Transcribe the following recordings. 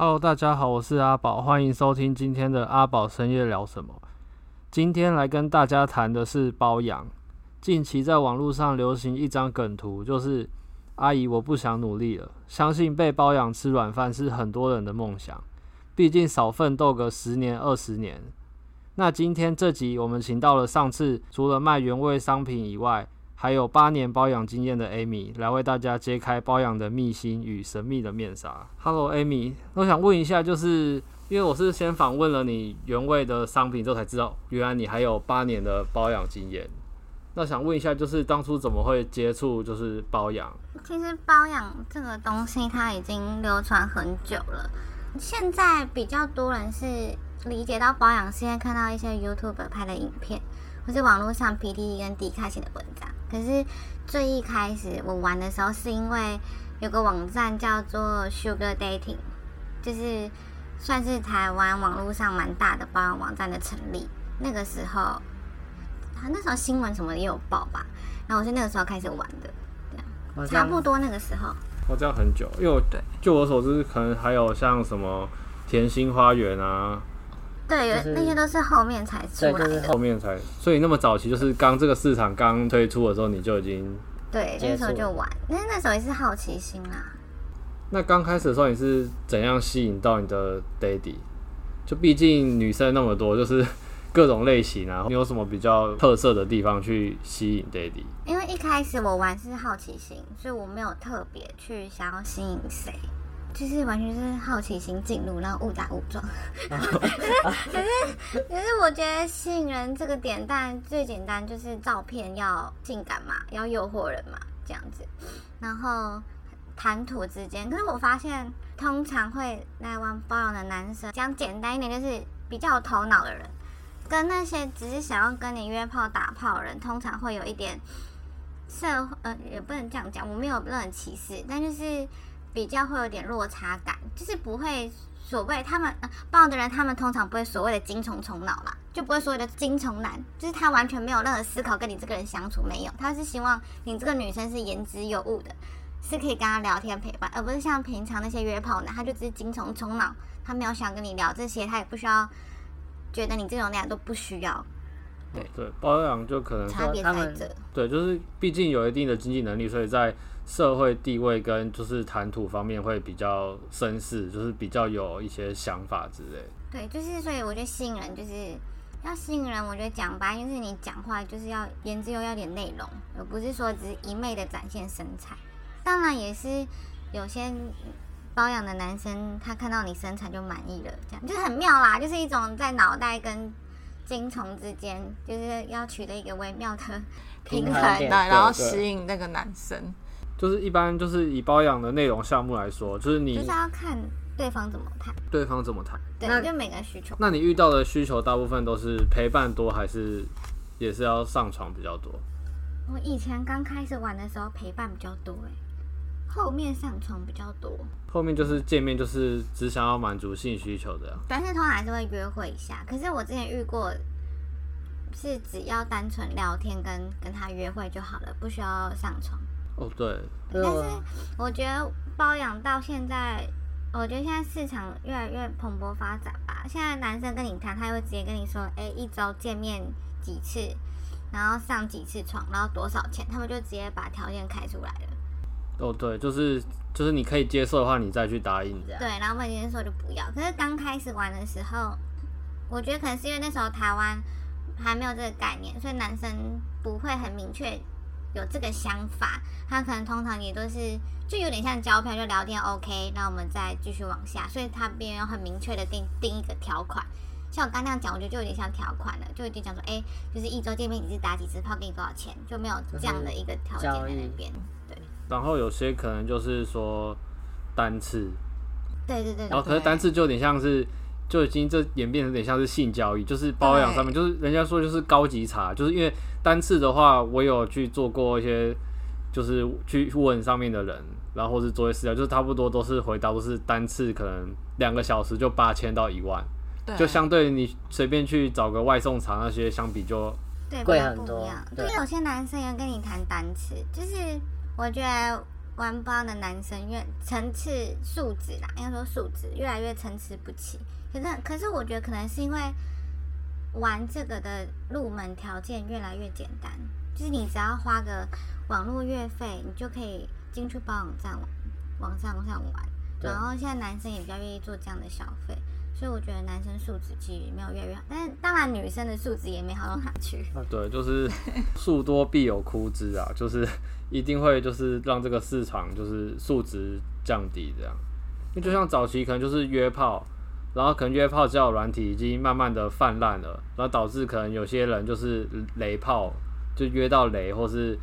Hello，大家好，我是阿寶，歡迎收聽今天的阿寶深夜聊什麼。今天來跟大家談的是包養。近期在網絡上流行一張梗圖，就是阿姨我不想努力了。相信被包養吃軟飯是很多人的夢想，畢竟少奮鬥個十年二十年。那今天這集我們請到了上次除了賣原味商品以外，還有八年包養經驗的 Amy 來為大家揭開包養的祕辛與神秘的面紗。Hello，Amy，我想問一下，就是因為我是先訪問了你原味的商品之後才知道，原來你還有八年的包養經驗。那想問一下，就是當初怎麼會接觸就是包養？其實包養這個東西它已經流傳很久了，現在比較多人是。理解到包養，現在看到一些 YouTube 拍的影片，或是網絡上 P T T 跟 D 卡，寫的文章。可是最一開始我玩的時候，是因為有個網站叫做 Sugar Dating，就是算是台灣網絡上蠻大的包養網站的成立。那個時候，他、啊、那時候新聞什麼也有報吧。然後我是那個時候開始玩的，差不多那個時候。我這樣很久，因為我就我所知，可能還有像什麼甜心花園啊。對有、就是，那些都是後面才出來的，就是、後面才，所以那麼早期就是剛這個市場剛推出的時候，你就已經對，那時候就玩，那那時候也是好奇心啦、啊。那剛開始的時候你是怎樣吸引到你的 daddy？就畢竟女生那麼多，就是各種類型啊，你有什麼比較特色的地方去吸引 daddy？因為一開始我玩是好奇心，所以我沒有特別去想要吸引誰。就是完全是好奇心進入，然後誤打誤撞 其實。可是，可是我覺得吸引人這個點，但最簡單就是照片要性感嘛，要誘惑人嘛，這樣子。然後談吐之間，可是我發現，通常會來玩包養的男生，講簡單一點，就是比較有頭腦的人，跟那些只是想要跟你約炮打炮的人，通常會有一點社會，呃，也不能這樣講，我沒有任何歧視，但就是。比較會有點落差感，就是不會所謂他們包的人，他們通常不會所謂的精蟲蟲腦啦，就不會所謂的精蟲男，就是他完全沒有任何思考跟你這個人相處，沒有，他是希望你這個女生是言之有物的，是可以跟他聊天陪伴，而不是像平常那些約炮男，他就只是精蟲蟲腦，他沒有想跟你聊這些，他也不需要覺得你這種那樣都不需要。對對，包養就可能差別在這，對，就是畢竟有一定的經濟能力，所以在。社會地位跟就是談吐方面會比較紳士，就是比較有一些想法之類。對，就是所以我覺得吸引人，就是要吸引人。我覺得講白，因為就是你講話就是要顏值又要一點內容，而不是說只是一昧的展現身材。當然也是有些包養的男生，他看到你身材就滿意了，這樣就是很妙啦。就是一種在腦袋跟精蟲之間，就是要取得一個微妙的平衡，然後吸引那個男生。就是一般就是以包養的內容項目來說，就是你就是要看對方怎麼談，對方怎麼談，對，就每個需求。那你遇到的需求大部分都是陪伴多，還是也是要上床比較多？我以前剛開始玩的時候陪伴比較多，哎，後面上床比較多。後面就是見面就是只想要滿足性需求的，但是通常還是會約會一下。可是我之前遇過是只要單純聊天跟跟他約會就好了，不需要上床。哦，對，但是我覺得包養到現在，我覺得現在市場越來越蓬勃發展吧。現在男生跟你談，他會直接跟你說，哎，一周見面幾次，然後上幾次床，然後多少錢，他們就直接把條件開出來了。哦，對，就是就是你可以接受的話，你再去答應這樣。對，然後不能接受就不要。可是剛開始玩的時候，我覺得可能是因為那時候台灣還沒有這個概念，所以男生不會很明確。有這個想法，他可能通常也都是就有點像交票就聊天，OK，那我們再繼續往下，所以他並沒有很明確的定定一個條款。像我剛那樣講，我覺得就有點像條款了，就有點講說，哎，就是一周見面幾次，打幾次炮給你多少錢，就沒有這樣的一個條件在那邊。對，然後有些可能就是說單次，對對對，對，對，然後可是單次就有點像是。就已經這演變有點像是性交易，就是包養上面，就是人家說就是高級茶，就是因為單次的話，我有去做過一些，就是去問上面的人，然後是做一些資料，就是差不多都是回答都是單次可能兩個小時就八千到一萬，對，就相對你隨便去找個外送茶那些相比就貴很多，就有些男生要跟你談單次，就是我覺得玩包的男生越層次素質啦，應該說素質越來越參差不齊。可是，可是我覺得可能是因為玩這個的入門條件越來越簡單，就是你只要花個網絡月費，你就可以進去網站，網站上玩。然後現在男生也比較願意做這樣的消費，所以我覺得男生素質其實沒有越來越好，但是當然女生的素質也沒好到哪去。嗯。對，就是樹多必有枯枝啊，就是一定會就是讓這個市場就是素質降低這樣。因為就像早期可能就是約炮。然後可能約炮交友軟體已經慢慢的泛濫了，然後導致可能有些人就是雷炮就約到雷，或是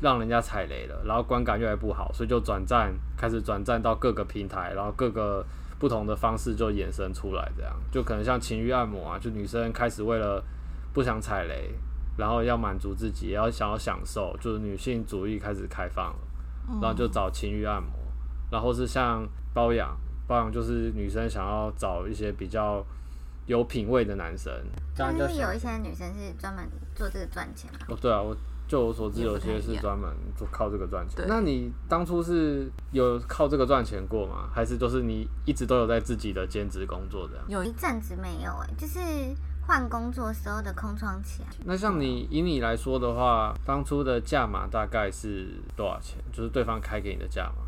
讓人家踩雷了，然後觀感越來越不好，所以就轉戰開始轉戰到各個平台，然後各個不同的方式就衍生出來這樣，就可能像情欲按摩啊，就女生開始為了不想踩雷，然後要滿足自己，要想要享受，就是女性主義開始開放了，然後就找情欲按摩，然後是像包養。幫，就是女生想要找一些比較有品位的男生，因為有一些女生是專門做這個賺錢嘛、啊。哦，對啊，我就我所知，有些是專門做靠這個賺錢。那你當初是有靠這個賺錢過嗎？還是就是你一直都有在自己的兼職工作的？有一陣子沒有哎，就是換工作時候的空窗期啊。那像你以你來說的話，當初的價碼大概是多少錢？就是對方開給你的價碼。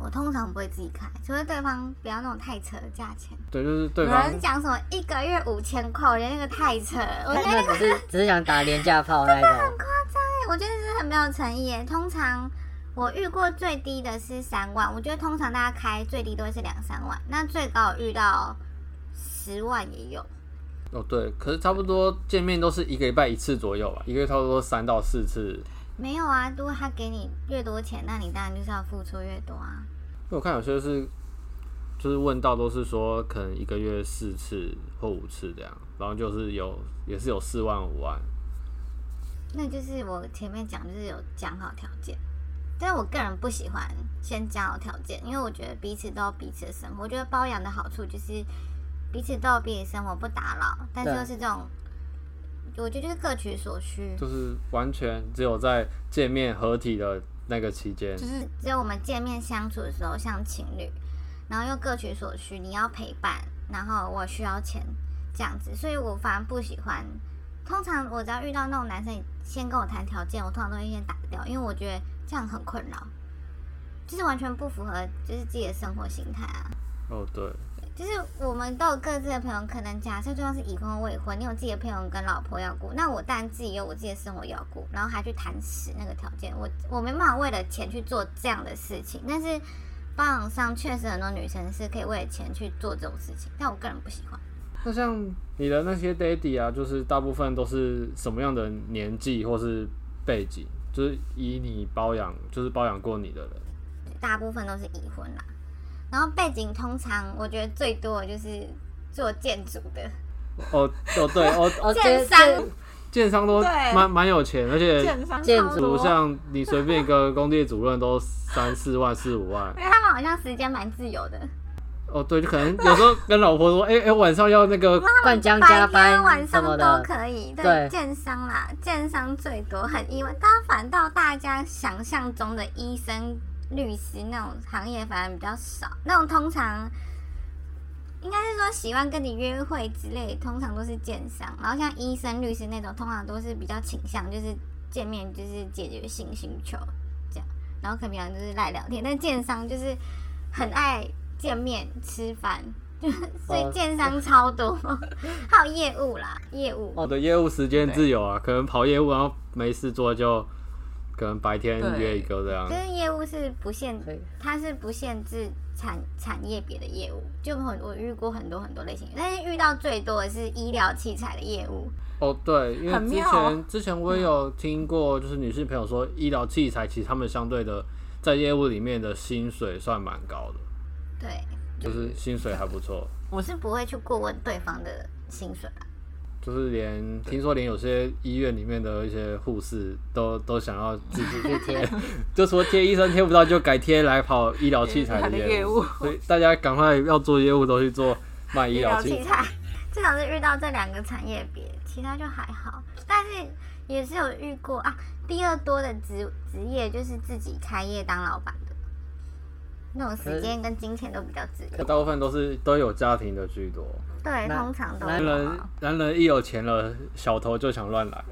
我通常不會自己開，除非對方不要那種太扯的價錢。對，就是對方講什麼一個月五千塊，我覺得那個太扯。 我覺得那只是只是想打廉價炮來的。真的很誇張，我覺得是很沒有誠意。通常我遇過最低的是三萬，我覺得通常大家開最低都會是兩三萬。那最高遇到十萬也有。哦，對，可是差不多見面都是一個禮拜一次左右吧，一個月差不多三到四次。沒有啊，如果他給你越多錢，那你當然就是要付出越多啊。因為我看有些是，就是問到都是說可能一個月四次或五次這樣，然後就是有也是有四萬五萬。那就是我前面講，就是有講好條件，但我個人不喜歡先講好條件，因為我覺得彼此都有彼此的生活。我覺得包養的好處就是彼此都有彼此的生活，不打擾，但就是，是這種。我覺得就是各取所需，就是完全只有在見面合體的那個期間，就是只有我們見面相處的時候，像情侶，然後又各取所需，你要陪伴，然後我需要錢這樣子，所以我反而不喜歡。通常我只要遇到那種男生你先跟我談條件，我通常都會先打掉，因為我覺得這樣很困擾，就是完全不符合就是自己的生活形態啊。哦，對。其實我們都有各自的朋友，可能假設就算是已婚未婚，你有自己的朋友跟老婆要過，那我當然自己有我自己的生活要過，然後還去談死那個條件，我我沒辦法為了錢去做這樣的事情。但是包養上確實很多女生是可以為了錢去做這種事情，但我個人不喜歡。那像你的那些爹地啊，就是大部分都是什麼樣的年紀或是背景？就是以你包養，就是包養過你的人，大部分都是已婚啦。然後背景通常，我覺得最多的就是做建築的哦。哦哦對，哦哦， 建商，建商都蠻蠻有錢，而且建築像你隨便一個工地主任都三四萬四五萬。 他們好像時間蠻自由的哦。哦對，就可能有時候跟老婆說，哎 哎、欸欸，晚上要那個灌漿加班晚上都可以。對，但建商啦，建商最多，很意外，但反倒大家想象中的醫生。律師那種行業反而比較少，那種通常應該是說喜歡跟你約會之類，通常都是建商。然後像醫生、律師那種，通常都是比較傾向就是見面就是解決性需求這樣。然後可能就是賴聊天，但建商就是很愛見面吃飯，嗯、 所以建商超多。還 有業務啦，業務哦對，我的業務時間自由啊，可能跑業務然後沒事做就可能白天約一個這樣，其實業務是不限，它是不限制產產業別的業務，就很我遇過很多很多類型，但是遇到最多的是醫療器材的業務。哦，對，因為之前之前我也有聽過，就是女性朋友說醫療器材其實他們相對的在業務裡面的薪水算蠻高的，對就，就是薪水還不錯。我是不會去過問對方的薪水啊。就是連聽說連有些醫院裡面的一些護士都都想要自己貼， 就說貼醫生貼不到就改貼來跑醫療器材的業務， 所以大家趕快要做業務都去做賣醫療器材。至少是遇到這兩個產業別，其他就還好，但是也是有遇過啊。第二多的職職業就是自己開業當老闆的，那種時間跟金錢都比較自由，大部分都是都有家庭的居多。對，通常都男人男人一有錢了，小偷就想亂來。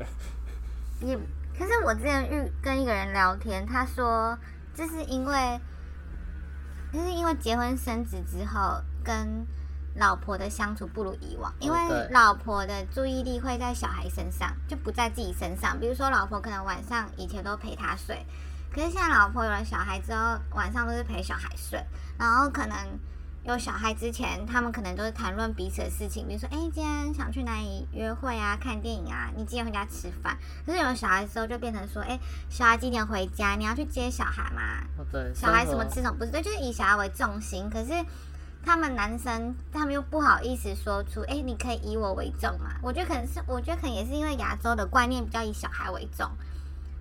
也可是我之前遇跟一個人聊天，他說，這是因為，這是因為結婚生子之後，跟老婆的相處不如以往，因為老婆的注意力會在小孩身上，就不在自己身上。比如說老婆可能晚上以前都陪他睡，可是現在老婆有了小孩之後，晚上都是陪小孩睡，然後可能。有小孩之前，他們可能都是談論彼此的事情，比如說，哎、欸，今天想去哪裡約會啊，看電影啊，你幾點回家吃飯？可是有小孩的時候，就變成說，哎、欸，小孩幾點回家？你要去接小孩嗎？對，小孩什麼吃什麼不是？對，就是以小孩為重心。可是他們男生，他們又不好意思說出，哎、欸，你可以以我為重嘛、啊？我覺得可能是，我覺得可能也是因為亞洲的觀念比較以小孩為重，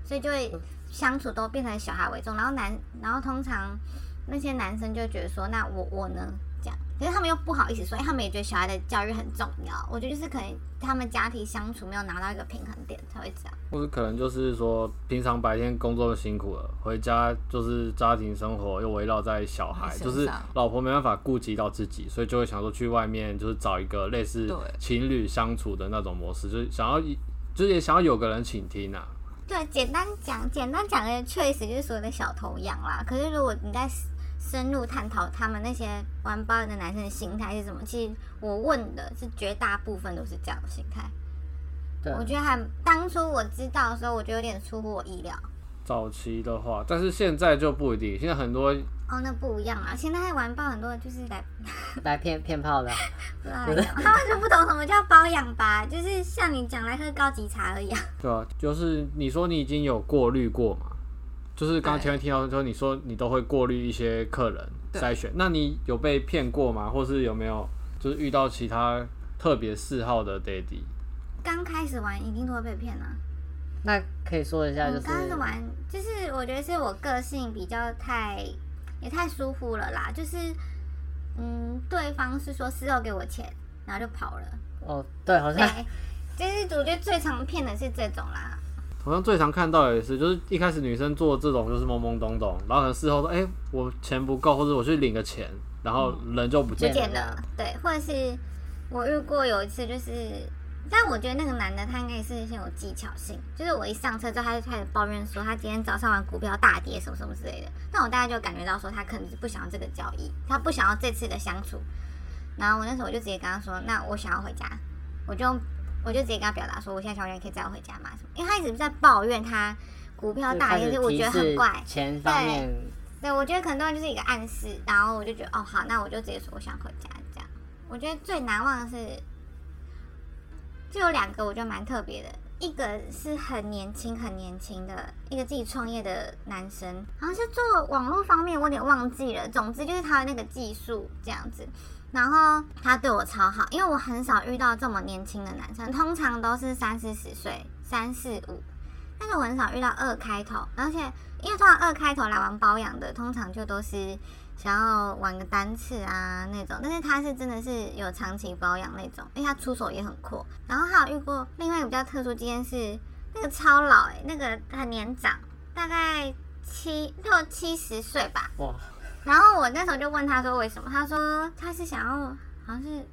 所以就會相處都變成小孩為重。然後男，然後通常。那些男生就覺得說，那我我呢？這樣，可是他們又不好意思說，欸，他們也覺得小孩的教育很重要。我覺得就是可能他們家庭相處沒有拿到一個平衡點才會這樣，或者可能就是說平常白天工作辛苦了，回家就是家庭生活又圍繞在小孩，就是老婆沒辦法顧及到自己，所以就會想說去外面就是找一個類似情侶相處的那種模式，就想要就也想要有個人傾聽啊。對，簡單講，簡單講的確實就是所謂的小童養啦。可是如果你在。深入探討他們那些玩包養的男生的心態是什麼？其實我問的是絕大部分都是這樣的心態。我覺得還當初我知道的時候，我覺得有點出乎我意料。早期的話，但是現在就不一定。現在很多哦，那不一樣啊！現在還玩包很多就是來來騙騙炮的，對 他們就不懂什麼叫包養吧， 就是像你講來喝高級茶而已啊。對啊，就是你說你已經有過濾過嘛。就是剛剛前面聽到，就是說你說你都會過濾一些客人篩選，那你有被騙過嗎？或是有沒有就是遇到其他特別嗜好的 daddy？剛開始玩一定都會被騙啊。那可以說一下，就是剛開始玩，就是我覺得是我個性比較太也太疏忽了啦。就是嗯，對方是說事後給我錢，然後就跑了。哦，對，好像對，就是其實主角最常騙的是這種啦。我好像最常看到也是，就是一開始女生做的這種就是懵懵懂懂，然後可能事後說，哎、欸，我錢不夠，或者我去領個錢，然後人就不見了。嗯、對，或者是我遇過有一次，就是，但我覺得那個男的他應該是很有技巧性，就是我一上車之後他就開始抱怨說，他今天早上玩股票大跌什麼什麼之類的，那我大概就感覺到說他可能是不想要這個交易，他不想要這次的相處，然後我那時候我就直接跟他說，那我想要回家，我就。我就直接跟他表達說，我現在想問，我可以載我回家嗎？什麼？因為他一直在抱怨他股票大跌，就我覺得很怪。錢方面，對，我覺得很多人就是一個暗示。然後我就覺得，哦，好，那我就直接說，我想回家這樣。我覺得最難忘的是，就有兩個我覺得蠻特別的，一個是很年輕很年輕的，一個自己創業的男生，好像是做網絡方面，我有點忘記了。總之就是他的那個技術這樣子。然後他對我超好，因為我很少遇到這麼年輕的男生，通常都是三四十歲、三四五，但是我很少遇到二開頭。而且，因為通常二開頭來玩包養的，通常就都是想要玩個單次啊那種。但是他是真的是有長期包養那種，因為他出手也很闊。然後還有遇過另外一個比較特殊，今天是那個超老哎、欸，那個很年長，大概七六七十歲吧。哇！然後我那時候就問他說，為什麼？他說他是想要，好像是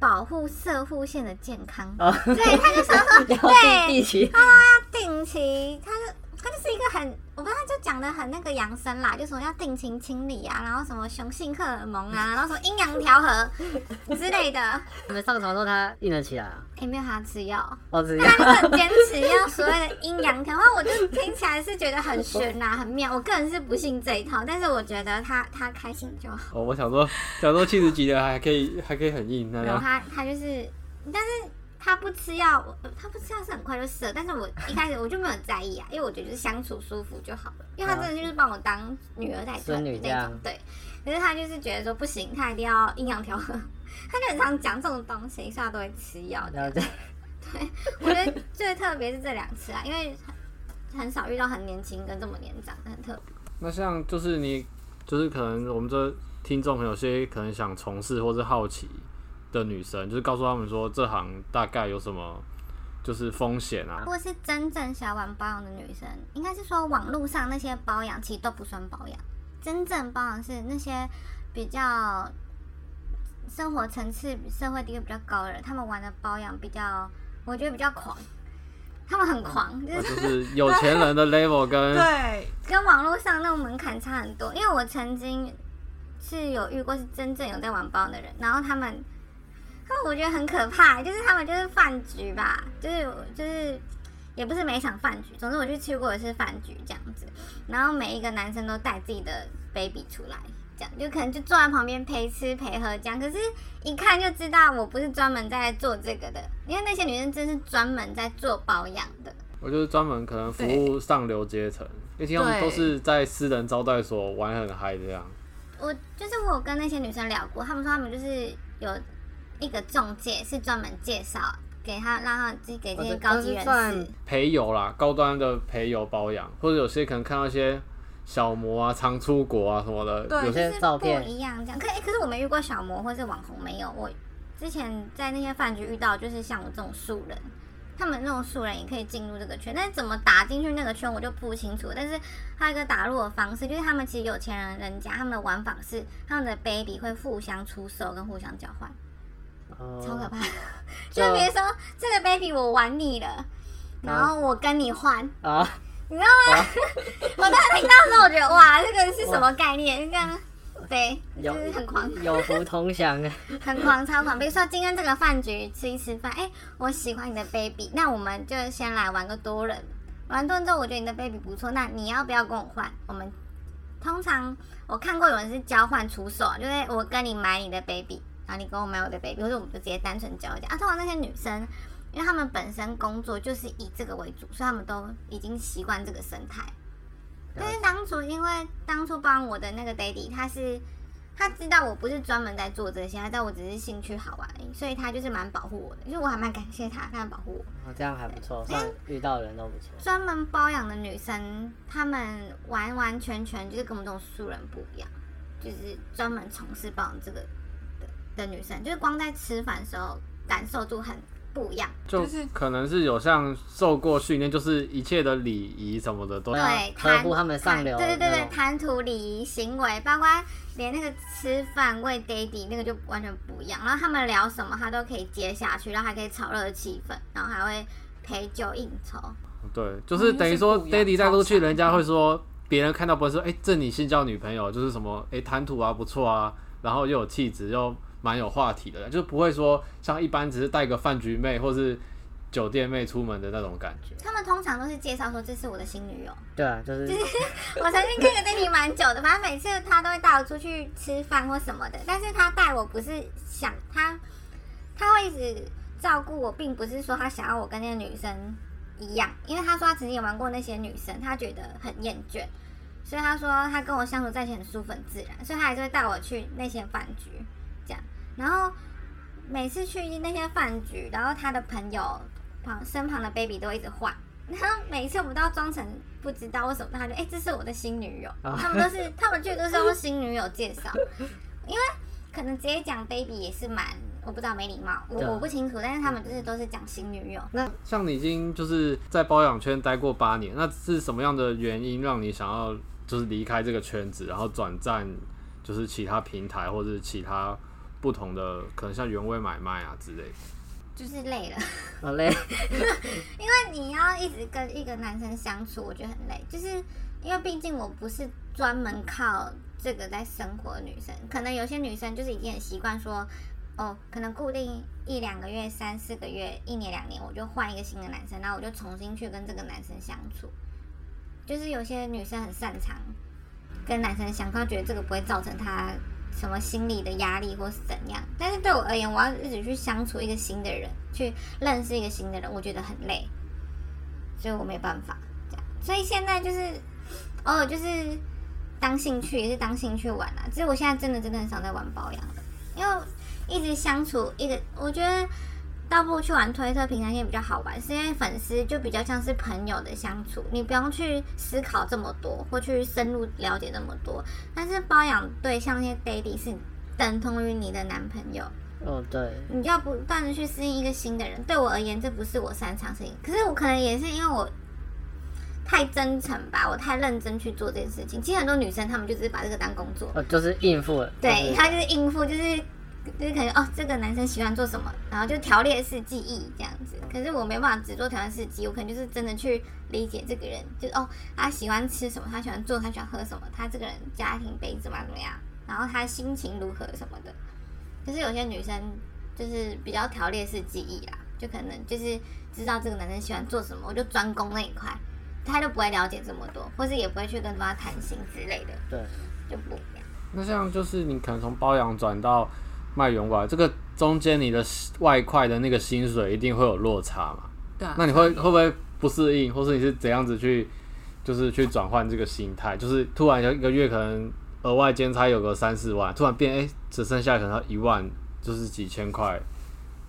保護色護線的健康，哦、對他就想說說 對，定對定期，他說要定期，他就。他就是一個很，我剛才就講的很那個養生啦，就說要定期清理啊，然後什麼雄性荷爾蒙啊，然後什麼陰陽調和之類的。 你們上床說他硬了起來了？啊、欸，也沒有他吃藥，我只要他就很堅持要所謂的陰陽調和， 我就聽起來是覺得很玄啊，很妙。我個人是不信這一套，但是我覺得他他開心就好。哦，我想說，想說七十幾的還可以 還可以很硬，然後他他就是，但是。他不吃藥，我他不吃藥是很快就死了。但是我一開始我就沒有在意啊， 因為我覺得就是相處舒服就好了。因為他真的是就是幫我當女兒在做那種女，對。可是他就是覺得說不行，他一定要陰陽調和。他就很常講這種東西，一下都會吃藥，對，對。我覺得最特別是這兩次啊， 因為很,很少遇到很年輕跟這麼年長，很特別。那像就是你，就是可能我們這聽眾有些可能想從事或是好奇。的女生就是告訴他們說，這行大概有什麼就是風險啊。如果是真正想要玩包養的女生，應該是說網絡上那些包養其實都不算包養，真正包養是那些比較生活層次、社會地位比較高的人，他們玩的包養比較，我覺得比較狂，他們很狂，就是, 就是有錢人的 level 跟 對，跟網絡上那種門檻差很多。因為我曾經是有遇過是真正有在玩包養的人，然後他們。但我覺得很可怕，就是他們就是飯局吧，就是就是也不是每場飯局，總之我去吃過的是飯局這樣子。然後每一個男生都帶自己的 baby 出來，這樣就可能就坐在旁邊陪吃陪喝，這樣可是，一看就知道我不是專門在做這個的，因為那些女生真是專門在做包養的。我就是專門可能服務上流階層，因為他們都是在私人招待所玩很嗨這樣。我就是我跟那些女生聊過，他們說他們就是有。一個中介是專門介紹給他，讓他給這些高級人士、哦、是陪遊啦，高端的陪遊包養，或者有些可能看到一些小模啊，常出國啊什麼的，有些照片不一樣這樣。可、欸、可是我沒遇過小模或是網紅沒有，我之前在那些飯局遇到就是像我這種素人，他們那種素人也可以進入這個圈，但是怎麼打進去那個圈我就不清楚。但是還有一個打入的方式，就是他們其實有錢人人家他們的玩法是他們的 baby 會互相出售跟互相交換。超可怕、嗯， 就比如說這個 baby 我玩膩了、嗯，然後我跟你換啊、嗯，你知道嗎？ 我當時聽到的時候，我覺得哇，這個是什麼概念？你看，對，就是很狂，有福同享啊， 很狂，超狂。比如說今天這個飯局吃一吃飯，哎、欸，我喜歡你的 baby，那我們就先來玩個多人，玩多人之後我覺得你的 baby 不錯，那你要不要跟我換？我們通常我看過有人是交換出手，就是我跟你買你的 baby。後、啊、你跟我買我的 baby，或者我們就直接單純交流講啊。通常那些女生，因為她們本身工作就是以這個為主，所以她們都已經習慣這個生態。但是當初因為當初幫我的那個 daddy，他是他知道我不是專門在做這些，但我只是興趣好玩而已，所以他就是蠻保護我的，其實我還蠻感謝他，他保護我、哦。這樣還不錯，算遇到的人都不錯。專門包養的女生，她們完完全全就是跟我們這種素人不一樣，就是專門從事幫這個。的女生就是光在吃飯的時候感受度很不一樣，就是可能是有像受過訓練，就是一切的禮儀什麼的都要，他們上流，對對對對，談吐禮儀行為，包括連那個吃飯餵 Daddy 那個就完全不一樣。然後他們聊什麼，他都可以接下去，然後還可以炒熱氣氛，然後還會陪酒應酬。對，就是等於說、就是、Daddy 帶過去，人家會說別人看到不會說，哎、欸，這你新交女朋友就是什麼，哎、欸，談吐啊不錯啊，然後又有氣質又。蠻有話題的，就不會說像一般只是帶個飯局妹或是酒店妹出門的那種感覺。他們通常都是介紹說這是我的新女友。對啊，就是就是我曾經看個跟你蠻久的，反 正每次他都會帶我出去吃飯或什麼的，但是他帶我不是想他，他會一直照顧我，並不是說他想要我跟那個女生一樣，因為他說他曾經也玩過那些女生，他覺得很厭倦，所以他說他跟我相處在一起很舒服很自然，所以他還是會帶我去那些飯局。然後每次去那些飯局，然後他的朋友旁身旁的 baby 都一直換，然後每次我們都要裝成不知道，為什麼他就哎、欸，這是我的新女友，他們都是他們去都是用新女友介紹，因為可能直接講 baby 也是蠻我不知道沒禮貌，我我不清楚，但是他們就是都是講新女友。那像你已經就是在包養圈待過八年，那是什麼樣的原因讓你想要就是離開這個圈子，然後轉戰就是其他平台或者是其他？不同的可能像原味買賣啊、之類的，就是累了，好累，因為你要一直跟一個男生相處，我覺得很累，就是因為畢竟我不是專門靠這個在生活的女生，可能有些女生就是已經很習慣說，哦，可能固定一兩個月、三四個月、一年兩年，我就換一個新的男生，然後我就重新去跟這個男生相處，就是有些女生很擅長跟男生相處，覺得這個不會造成她。什麼心理的壓力或是怎樣？但是對我而言，我要一直去相處一個新的人，去認識一個新的人，我覺得很累，所以我沒辦法這樣。所以現在就是，哦，就是當興趣也是當興趣玩啊。其實我現在真的真的很少在玩包養，因為一直相處一個，我覺得。倒不如去玩推特平台，也比較好玩，是因為粉絲就比較像是朋友的相處，你不用去思考這麼多，或去深入了解這麼多。但是包養對象那些 daddy 是等同於你的男朋友哦，對，你就要不斷的去適應一個新的人，對我而言，這不是我擅長的事情。可是我可能也是因為我太真誠吧，我太認真去做這件事情。其實很多女生她們就只是把這個當工作，呃、哦，就是應付了、就是，對他就是應付，就是。就是可能哦，這個男生喜歡做什麼，然後就條列式記憶這樣子。可是我沒辦法只做條列式記憶，我可能就是真的去理解這個人，就哦，他喜歡吃什麼，他喜歡做，他喜歡喝什麼，他這個人家庭背景啊怎麼樣，然後他心情如何什麼的。可是有些女生就是比較條列式記憶啦，就可能就是知道這個男生喜歡做什麼，我就專攻那一塊，他都不會了解這麼多，或是也不會去跟他談心之類的，對，就不一樣。那這樣就是你可能從包養轉到，賣黃瓜，這個中間你的外快的那個薪水一定會有落差嘛？對、啊。那你會會不會不適應，或是你是怎樣子去，就是去轉換這個心態？就是突然有一個月可能額外兼差有個三四萬，突然變誒、欸、只剩下可能一萬，就是幾千塊，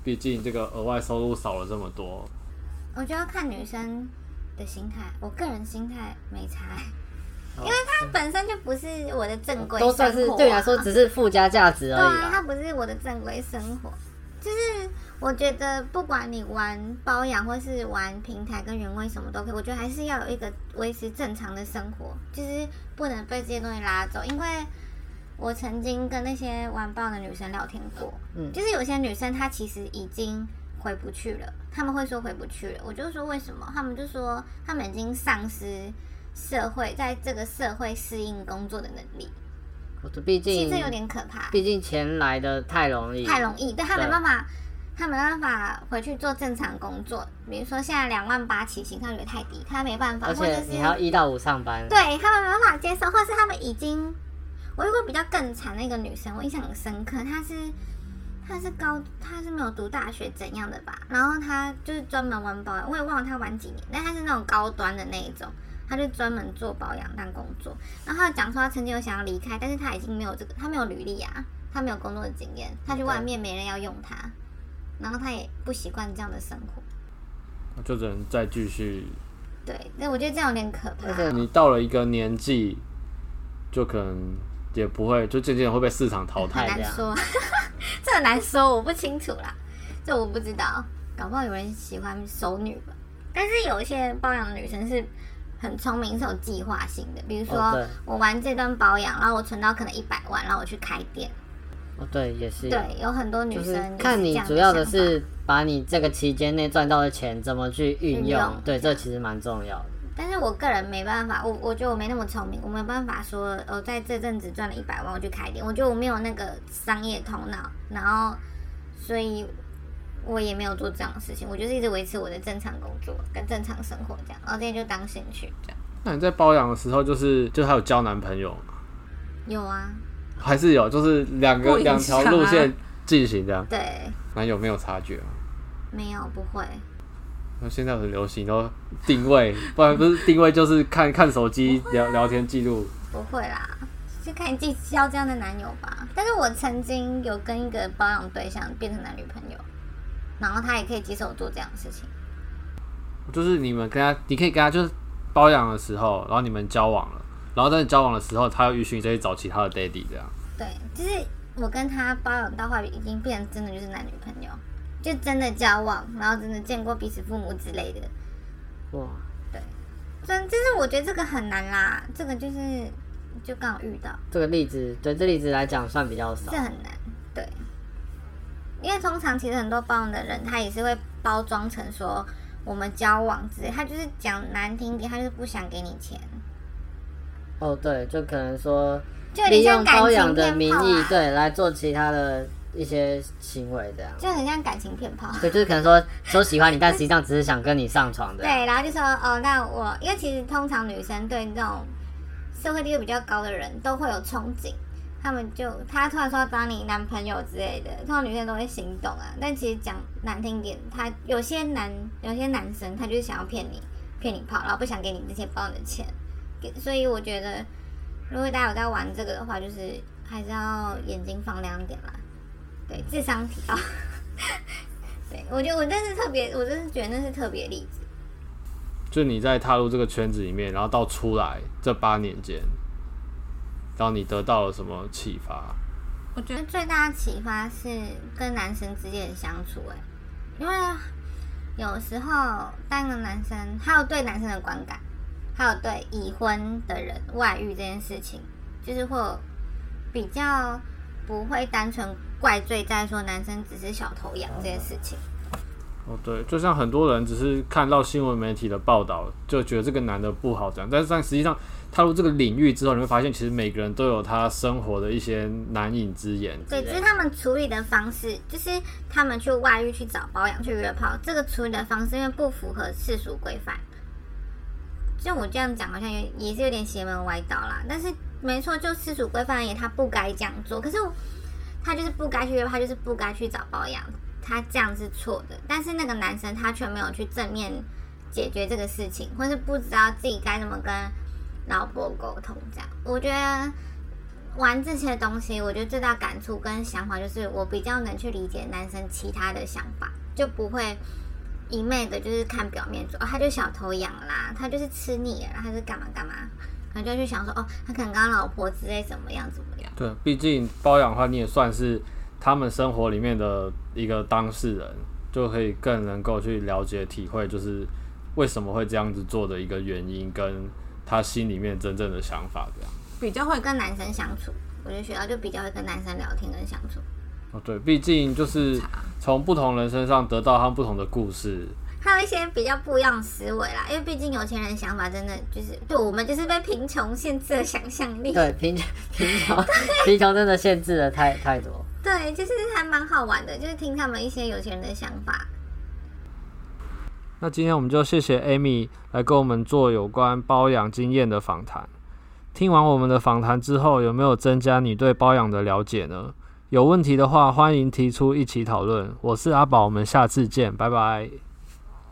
畢竟這個額外收入少了這麼多。我覺得要看女生的心態，我個人心態沒差。因為它本身就不是我的正規生活，都算是對我來說只是附加價值而已。對，它不是我的正規生活。就是我覺得，不管你玩包養或是玩平台跟原味，什麼都可以。我覺得還是要有一個維持正常的生活，就是不能被這些東西拉走。因為我曾經跟那些玩爆的女生聊天過，嗯，就是有些女生她其實已經回不去了，她們會說回不去了。我就說為什麼？她們就說她們已經喪失。社會，在這個社會適應工作的能力，畢竟其實這有點可怕。畢竟錢來的太容易，太容易，對對，他沒辦法，他沒辦法回去做正常工作。比如說現在兩萬八起薪，他有點太低，他沒辦法。而且或者是你要一到五上班，對他們沒辦法接受，或者是他們已經。我有個比較更慘的一個女生，我印象很深刻，她是她是高，她是沒有讀大學怎樣的吧？然後她就是專門玩包，我也忘了她玩幾年，但她是那種高端的那一種。他就專門做保養當工作，然後他講說他曾經有想要離開，但是他已經沒有這個，他沒有履歷啊，他沒有工作的經驗，他去外面沒人要用他，嗯、然後他也不習慣這樣的生活，就只能再繼續。對，但我覺得這樣有點可怕、喔。你到了一個年紀，就可能也不會，就漸漸會被市場淘汰、啊。嗯、很難說， 這很難說，我不清楚啦，這我不知道，搞不好有人喜歡熟女吧？但是有一些包養的女生是。很聰明，是有計劃性的。比如說、oh,，我玩這段包養，然後我存到可能一百萬，然後我去開店。哦、oh,，對，也是。對，有很多女生是是看你，主要的是把你這個期間內賺到的錢怎麼去運用。運用對，這其實蠻重要的。但是我個人沒辦法，我我覺得我沒那麼聰明，我沒有辦法說，呃，在這陣子賺了一百萬，我去開店。我覺得我沒有那個商業頭腦，然後所以。我也沒有做這樣的事情，我就是一直維持我的正常工作跟正常生活這樣，然後今天就當興趣這樣。那你在包養的時候、就是，就是就是還有交男朋友嗎？有啊，還是有，就是兩個兩條、啊、路線進行這樣。對，那有沒有察覺？沒有，不會。那現在很流行，都定位，不然不是定位就是看 看，看手機、啊、聊聊天記錄。不會啦，是看你自己交這樣的男友吧。但是我曾經有跟一個包養對象變成男女朋友。然後他也可以接受做這樣的事情，就是你們跟他，你可以跟他就是包養的時候，然後你們交往了，然後在你交往的時候，他要允許你再去找其他的 daddy 這樣。對，就是我跟他包養到話，已經變成真的就是男女朋友，就真的交往，然後真的見過彼此父母之類的。哇，對，真，就是我覺得這個很難啦，這個就是就剛好遇到這個例子，對這例子來講算比較少，這很難。因為通常其實很多包養的人，他也是會包裝成說我們交往之類，他就是講難聽點，他就是不想給你錢。哦，對，就可能說就、啊、利用包養的名義，對，來做其他的一些行為，這樣就很像感情騙炮、啊。對，就是可能說說喜歡你，但實際上只是想跟你上床的。 對，然後就說哦，那我因為其實通常女生對那種社會地位比較高的人都會有憧憬。他們就他突然說要當你男朋友之類的，通常女生都會心動啊。但其實講難聽點，他有些男有些男生，他就是想要騙你，騙你砲然後不想給你這些包你的錢給。所以我覺得，如果大家有在玩這個的話，就是還是要眼睛放亮點啦。對，智商提啊。 對我覺得我真是特別，我真是覺得那是特別例子。就你在踏入這個圈子裡面，然後到出來這八年間。當你得到了什麼啟發啊？我覺得最大的啟發是跟男生之間的相處，哎，因為有時候當個男生，還有對男生的觀感，還有對已婚的人外遇這件事情，就是會比較不會單純怪罪在說男生只是小頭癢這件事情，Okay。哦，對，就像很多人只是看到新聞媒體的報道，就覺得這個男的不好這樣，但是但實際上。踏入這個領域之後，你會發現，其實每個人都有他生活的一些難言之隱。對，就是他們處理的方式，就是他們去外遇、去找包養、去約炮，這個處理的方式因為不符合世俗規範。就我這樣講，好像也也是有點邪門歪道啦。但是沒錯，就世俗規範而言，他不該這樣做。可是他就是不該去約炮，他就是不該去找包養，他這樣是錯的。但是那個男生他卻沒有去正面解決這個事情，或是不知道自己該怎麼跟。老婆溝通這樣，我覺得玩這些東西，我覺得最大感觸跟想法就是，我比較能去理解男生其他的想法，就不會一昧的，就是看表面說哦，他就小頭癢啦，他就是吃膩了啦，他是幹嘛幹嘛，可能就去想說哦，他可能跟他老婆之類怎麼樣怎麼樣。對，畢竟包養的話，你也算是他們生活裡面的一個當事人，就可以更能夠去了解、體會，就是為什麼會這樣子做的一個原因跟。他心裡面真正的想法這樣，比較會跟男生相處，我覺得學校就比較會跟男生聊天跟相處。哦，對，畢竟就是從不同人身上得到他們不同的故事，還有一些比較不一樣的思維啦。因為畢竟有錢人的想法真的就是，對我們就是被貧窮限制了想象力。 對，貧貧窮，貧窮 真的限制了太太多。對，就是還蠻好玩的，就是聽他們一些有錢人的想法。那今天我們就謝謝 Amy 來跟我們做有關包養經驗的訪談。聽完我們的訪談之後，有沒有增加你對包養的了解呢？有問題的話，歡迎提出一起討論。我是阿寶，我們下次見，拜拜。